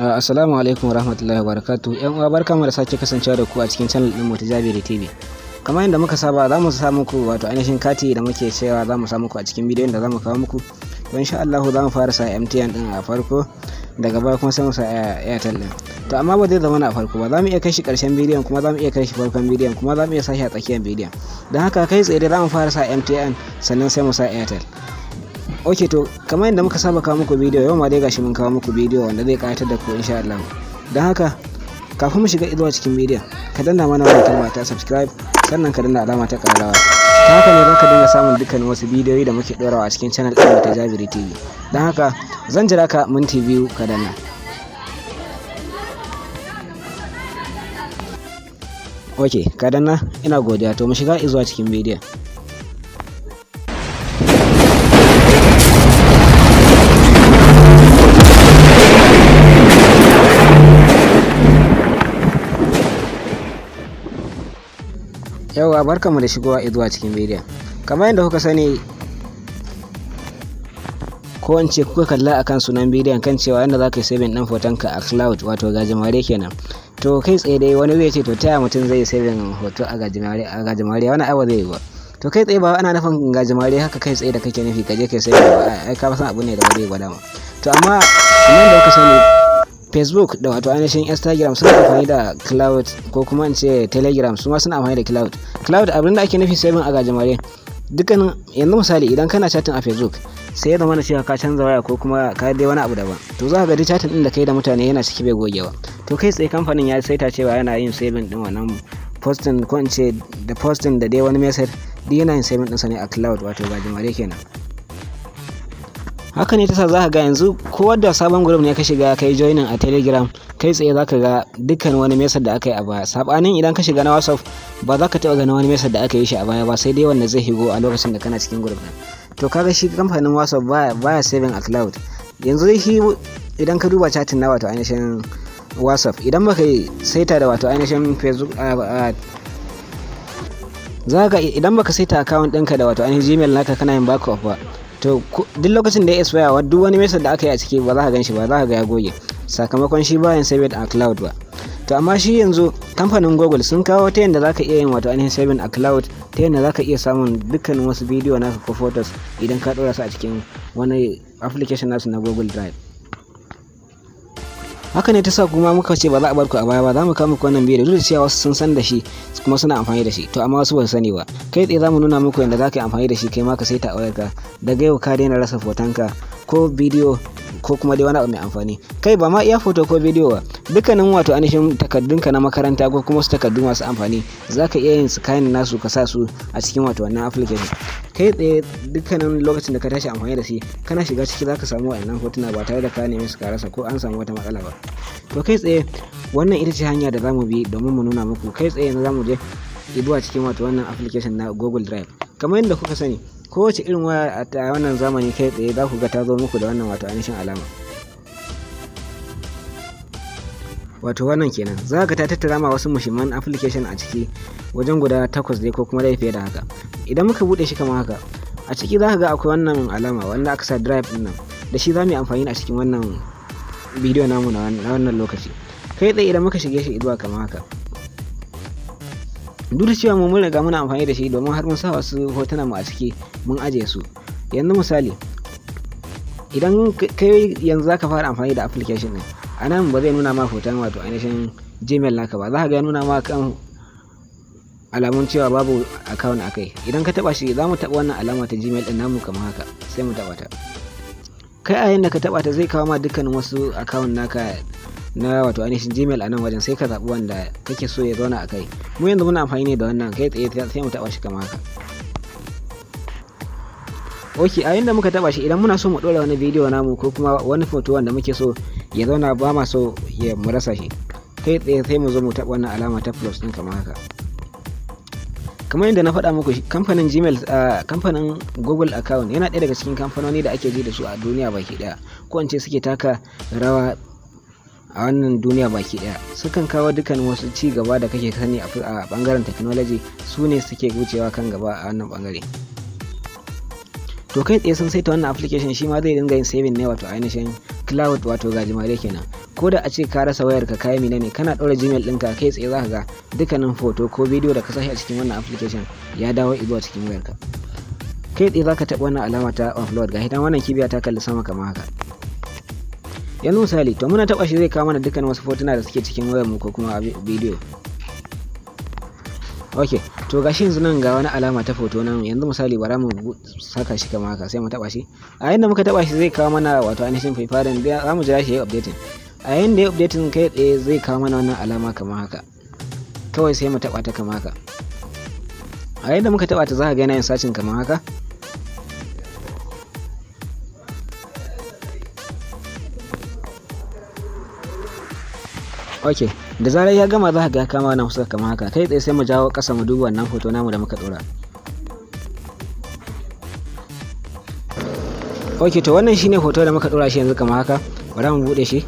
Uh, assalamu alaikum wa rahmatullahi wa barakatu. Yan uwa barka mu da sake kasancewa da ku a cikin channel din mu ta Jabiri TV. Kamar yadda muka saba za mu sa muku wato ainihin kati da muke cewa za mu sa muku a cikin bidiyon da za mu kawo muku. To insha Allah za mu fara sa MTN din a farko daga baya kuma sai mu sa eh, Airtel din. To amma ba zai zama na farko ba za mu iya kai shi karshen bidiyon kuma za mu iya kai shi farkon bidiyon kuma za mu iya sa shi a tsakiyar bidiyon. Don haka kai tsaye za mu fara sa MTN sannan sai mu sa Airtel. ok to kamar yadda muka saba kawo muku bidiyo yau ma dai gashi mun kawo muku bidiyo wanda zai ƙayatar da ku insha Allah don haka kafin mu shiga zuwa cikin bidiyon ka danna mana wannan kalma ta subscribe sannan ka danna alama ta ƙararrawa ta haka ne za ka dinga samun dukkan wasu bidiyoyi da muke ɗorawa a cikin channel ɗin ta Jabiri TV don haka zan jira ka minti biyu ka danna ok ka danna ina godiya to mu shiga zuwa cikin bidiyon yauwa barkanmu da shigowa zuwa cikin bidiyon kamar yadda kuka sani ko in kuka kalla akan sunan bidiyon kan cewa yadda za ka yi saving ɗan fotonka a cloud wato gajimare kenan to kai tsaye dai wani zai ce to taya mutum zai saving hoto a gajimare wani abu zai yi ba to kai tsaye ba ana nufin gajimare haka kai tsaye da kake nufi kaje kai saving ba ai ka san abu ne da ba zai gwada ma to amma kuma da kuka sani facebook da wato ainihin instagram suna amfani da cloud ko kuma in ce telegram su suna amfani da cloud cloud abin da ake nufi saving a gajimare dukkanin yanzu misali idan kana chatting a facebook sai ya zama na cewa ka canza waya ko kuma ka dai wani abu daban to za ka ga chatting din da kai da mutane yana ciki bai gogewa to kai tsaye kamfanin ya saita cewa yana yin saving din wannan posting ko in ce da posting da dai wani message duk yana yin saving din sa ne a cloud wato gajimare kenan haka ne tasa zaka ga yanzu ko da sabon group ne ka shiga kai joinin a telegram kai tsaye zaka ga dukkan wani message da aka yi a baya sabanin idan ka shiga na whatsapp ba za ka taba ganin wani message da aka yi shi a baya ba sai dai wanda zai higo a lokacin da kana cikin group din to kaga shi kamfanin whatsapp baya saving a cloud yanzu dai shi idan ka duba chatin na wato ainihin whatsapp idan baka yi saita da wato ainihin facebook a za ka idan baka saita account ɗinka da wato ainihin gmail naka kana yin backup ba to duk lokacin da ya expire wa duk wani mesa da aka yi a ciki ba za ka gan shi ba za ka ga ya goge sakamakon shi bayan saved a cloud ba to amma shi yanzu kamfanin google sun kawo ta yadda zaka iya yin wato ainihin saving a cloud ta yadda ka iya samun dukkanin wasu bidiyo naka ko photos idan ka ɗora su a cikin wani application nasu na google drive haka ne ta sa kuma muka ce ba za a bar ku a baya ba za mu kawo muku wannan bidiyo duk da cewa wasu sun san da shi kuma suna amfani da shi to amma wasu ba su sani ba kai tsaye za mu nuna muku yadda za ka yi amfani da shi kai ma ka saita a wayarka daga yau ka daina rasa fotonka ko bidiyo ko kuma dai wani abu mai amfani kai ba ma iya foto ko bidiyo ba dukkanin wato ainihin takardunka na makaranta ko kuma su takardu masu amfani za ka iya yin su kayan nasu ka sa su a cikin wato wannan application kai tsaye dukkanin lokacin da ka tashi amfani da shi kana shiga ciki za ka samu wa'annan hotuna ba tare da ka nemi su karasa ko an samu wata matsala ba to kai tsaye wannan ita ce hanya da za mu bi domin mu nuna muku kai tsaye na za mu je ibo a cikin wato wannan application na google drive kamar yadda kuka sani kowace irin waya a wannan zamani kai tsaye za ku ga ta zo muku da wannan wato ainihin alama wato wannan kenan za ka ta tattara ma wasu muhimman application a ciki wajen guda takwas dai ko kuma dai fiye da haka idan muka bude shi kamar haka a ciki za ka ga akwai wannan alama wanda aka sa drive din nan da shi za mu yi amfani a cikin wannan bidiyo namu na wannan lokaci kai tsaye idan muka shige shi zuwa kamar haka duk da cewa mun riga muna amfani da shi domin har mun sa wasu hotuna mu a ciki mun aje su yanzu misali idan kai yanzu zaka fara amfani da application din a nan ba zai nuna ma hoton wato ainihin gmail naka ba za ka ga nuna ma kan alamun cewa babu account akai idan ka taba shi za mu taba wannan alama ta gmail din namu kamar haka sai mu taba ta kai a yanda ka taba ta zai kawo ma dukkanin wasu account naka na wato ainihin gmail a nan wajen sai ka zaɓi wanda kake so ya zauna a kai mu yanzu muna amfani ne da wannan kai tsaye sai mu taɓa shi kamar haka ok a yadda muka taɓa shi idan muna so mu ɗora wani bidiyo namu ko kuma wani foto wanda muke so ya zauna ba ma so ya mu rasa shi kai tsaye sai mu zo mu taɓa wannan alama ta plus ɗin kamar haka kamar yadda na faɗa muku kamfanin gmail a kamfanin google account yana ɗaya daga cikin kamfanoni da ake ji da su a duniya baki ɗaya ko in ce suke taka rawa a wannan duniya baki daya sukan kawo dukkan wasu ci gaba da kake sani a bangaren technology su ne suke wucewa kan gaba a wannan bangare to kai tsaye sun saita wannan application shi ma zai dinga yin saving ne wato ainihin cloud wato gajimare kenan ko da a ce ka rasa wayar ka kai mina ne kana ɗora gmail ɗinka kai tsaye zaka ga dukkanin foto ko bidiyo da ka sahi a cikin wannan application ya dawo zuwa cikin wayarka kai tsaye zaka taɓa wannan alama ta offload ga hidan wannan kibiya ta kalli sama kamar haka yanzu misali to muna taba shi zai kawo mana dukkan wasu fotuna da suke cikin wayar mu ko kuma bidiyo ok to gashi yanzu nan ga wani alama ta foto nan yanzu misali bara mu saka shi kama haka sai mu taba shi a yanda muka taba shi zai kawo mana wato ainihin fifarin za mu jira shi ya updating a yanda ya updating kai tsaye zai kawo mana wannan alama kama haka kawai sai mu taba ta kama haka a yanda muka taba ta za ka ga yana yin sacin kama haka ok da zarar ya gama za ka ga kama wannan fuskar kamar haka kai tsaye sai mu jawo ƙasa mu duba wannan hoto namu da muka ɗora ok to wannan shine hoto da muka ɗora shi yanzu kamar haka bari mu buɗe shi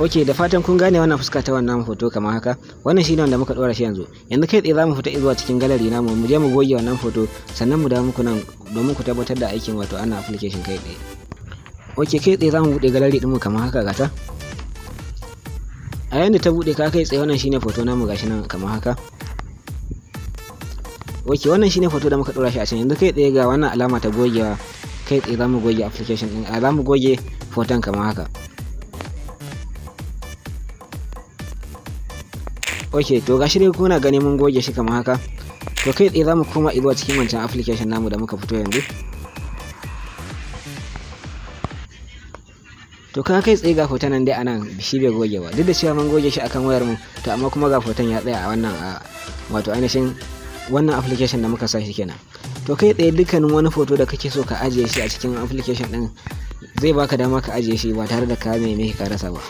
ok da fatan kun gane wannan fuska ta wannan hoto kamar haka wannan shine wanda muka dora shi yanzu yanzu kai tsaye zamu fita zuwa cikin gallery na mu je mu goge wannan hoto sannan mu dawo muku nan domin ku tabbatar da aikin wato ana application kai tsaye ok kai tsaye zamu bude gallery din mu kamar haka gata a yadda ta bude ka kai tsaye wannan shine foto namu gashi nan kamar haka ok wannan shine foto da muka dora shi a can yanzu kai tsaye ga wannan alama ta gogewa kai tsaye zamu goge application din a zamu goge foton kamar haka ok to gashi dai kuna gani mun goge shi kamar haka to kai tsaye zamu koma zuwa cikin wancan application namu da muka fito yanzu to kaga kai tsaye ga hoton nan dai anan shi bai goge ba duk da cewa mun goge shi akan wayar mu to amma kuma ga hoton ya tsaya a wannan wato ainihin wannan application da muka sa shi kenan to kai tsaye dukkanin wani foto da kake so ka ajiye shi a cikin application din zai baka dama ka ajiye shi ba tare da ka mai mai ka rasa ba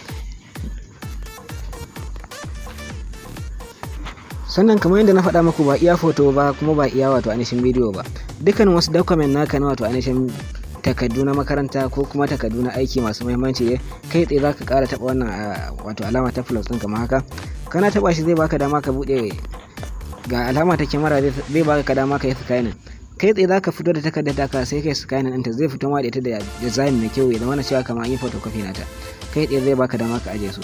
sannan kamar yadda na faɗa muku ba iya foto ba kuma ba iya wato ainihin bidiyo ba dukkan wasu document naka na wato ainihin takardu na makaranta ko kuma takardu na aiki masu muhimmanci ne eh, kai tsaye za ka ƙara taɓa wannan ah, wato alama ta plus ɗin kamar haka kana taɓa shi zai baka dama ka buɗe ga alama ta kyamara zai baka dama ka yi scanning kai tsaye ka fito da takardar taka sai kai scanning ɗinta zai fito ma da ita da design na kyau ya zama cewa kamar an yi photocopy nata kai tsaye zai baka dama ka aje su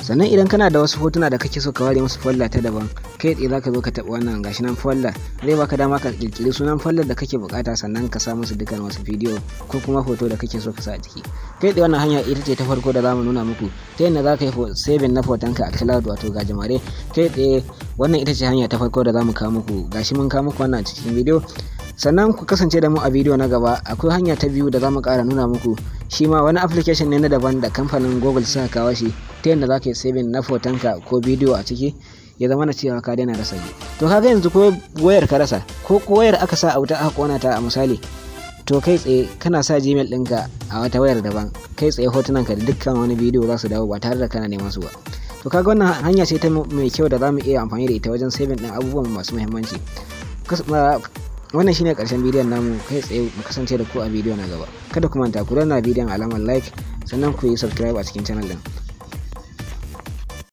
sannan idan kana da wasu hotuna da kake so ka ware musu folder ta daban kai tsaye ka zo ka taɓa wannan gashi nan folder zai baka dama ka kirkiri sunan folder da kake bukata sannan ka sa musu dukkan wasu bidiyo ko kuma hoto da kake so ka sa a ciki kai tsaye wannan hanya ita ce ta farko da zamu nuna muku ta yadda ka yi saving na ka a cloud wato jamare kai tsaye wannan ita ce hanya ta farko da zamu kawo muku gashi mun kawo muku wannan a cikin bidiyo sannan ku kasance da mu a bidiyo na gaba akwai hanya ta biyu da za mu ƙara nuna muku shi ma wani application ne na daban da kamfanin google suka kawo shi ta yadda za ka yi saving na ka ko bidiyo a ciki ya zama na cewa ka daina rasa biyu to kaga yanzu ko wayar ka rasa ko ko wayar aka sa a wuta aka kona ta a misali to kai tsaye kana sa gmail ɗinka a wata wayar daban kai tsaye hotunan ka da dukkan wani bidiyo za su dawo ba tare da kana neman su ba to kaga wannan hanya ce ta mai kyau da za mu iya amfani da ita wajen saving ɗin abubuwan masu muhimmanci wannan shine karshen bidiyon namu kai tsaye mu kasance da ku a bidiyo na gaba kada ku manta ku danna bidiyon alamar like sannan ku yi subscribe a cikin channel din